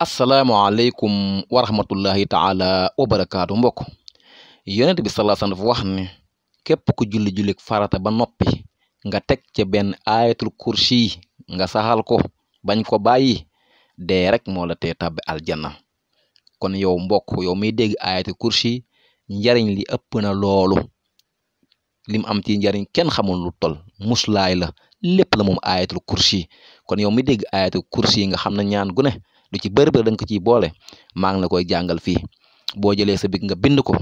Assalamualaikum wa rahmatullahi taala wa barakaatu mbokk yonent bi salaa sallam dafa wax ne képp ku julli jullik farata ba noppi nga tek ci ben ayatul kursi nga sahal ko bagn ko bayyi de rek mo la te tàbbi aljanna kon yow mbok yow mi deg ayatul kursi njariñ li ëpp na loolu lim am ci njariñ ken xamul lu tol muslay la lepp la mom ayatul kursi kon yow mi deg ayatul kursi nga xamna ñaan gu ne lu ci dan bëri dang ko ci boole maa ngi la koy jangal fi bo jëlee sa bik nga bind ko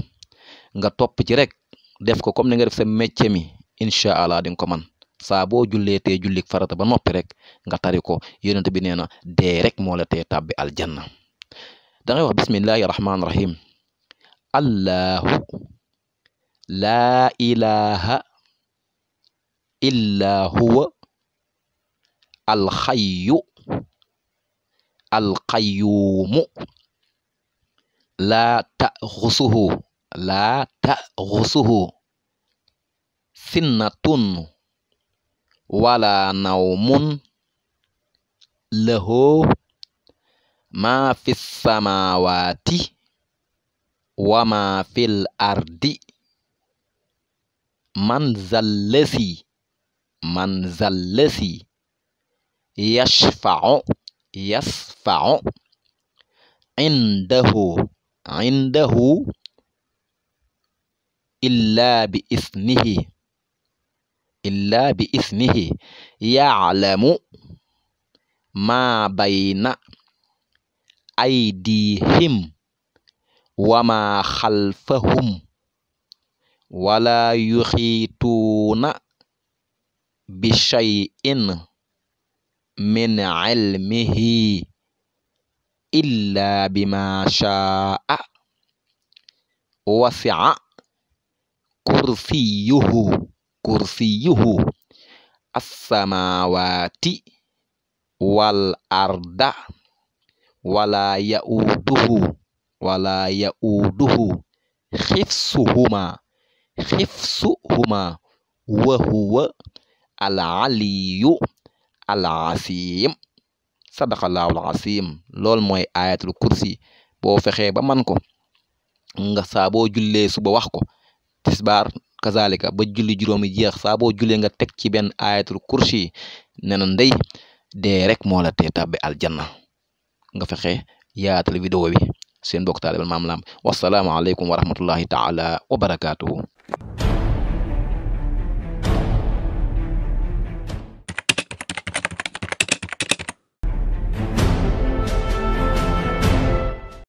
nga top ci rek def ko comme ni nga def sa métier mi inshallah allah ko man sa bo jullee tee julik farata ba nopi rek nga tari yonent bi na rek mo la tee tabbi aljanna da ngay wax bismillahir rahmanir rahim allah la ilaha illa huwa al alxayyu القيوم لا تغصه لا تغصه سنة ولا نوم له ما في السماوات وما في الأرض من ذا الذي من ذا الذي يشفع يصفع عنده عنده إلا بإثنه إلا بإثنه يعلم ما بين أيديهم وما خلفهم ولا يحيطون بشيء من علمه إلا بما شاء وسع كرسيه كرسيه السماوات والأرض ولا يؤوده ولا يؤوده حفظهما حفظهما وهو العلي alaasim sadaqallaahu alaasim lool mooy ayatul kursi boo fexee ba man ko nga saaboo boo jullee suba wax ko tisbaar kazalika ba julli juróomi jeex saaboo boo jullee nga teg ci benn ayatul kursi nee na ndey dee rek moo tee tàbbi aljanna nga fexe yaatal vidéo bi seen bokk taalibal maam laam wasalaamu aleykum wa rahmatullahi taala